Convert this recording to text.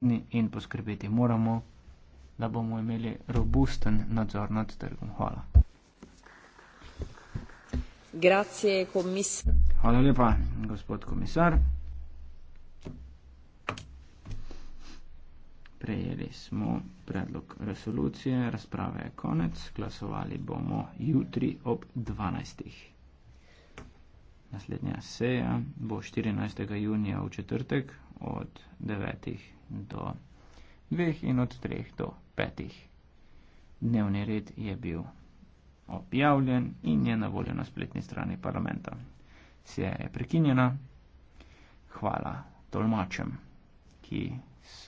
in, in poskrbeti moramo, da bomo imeli robusten nadzor nad trgom. Hvala. Grazie, Hvala lepa, gospod komisar. Prejeli smo predlog resolucije, razprave je konec, glasovali bomo jutri ob 12 naslednja seja bo 14. junija v četrtek od 9. do 2. in od 3. do 5. Dnevni red je bil objavljen in je na voljo na spletni strani parlamenta. Seja je prekinjena. Hvala tolmačem, ki.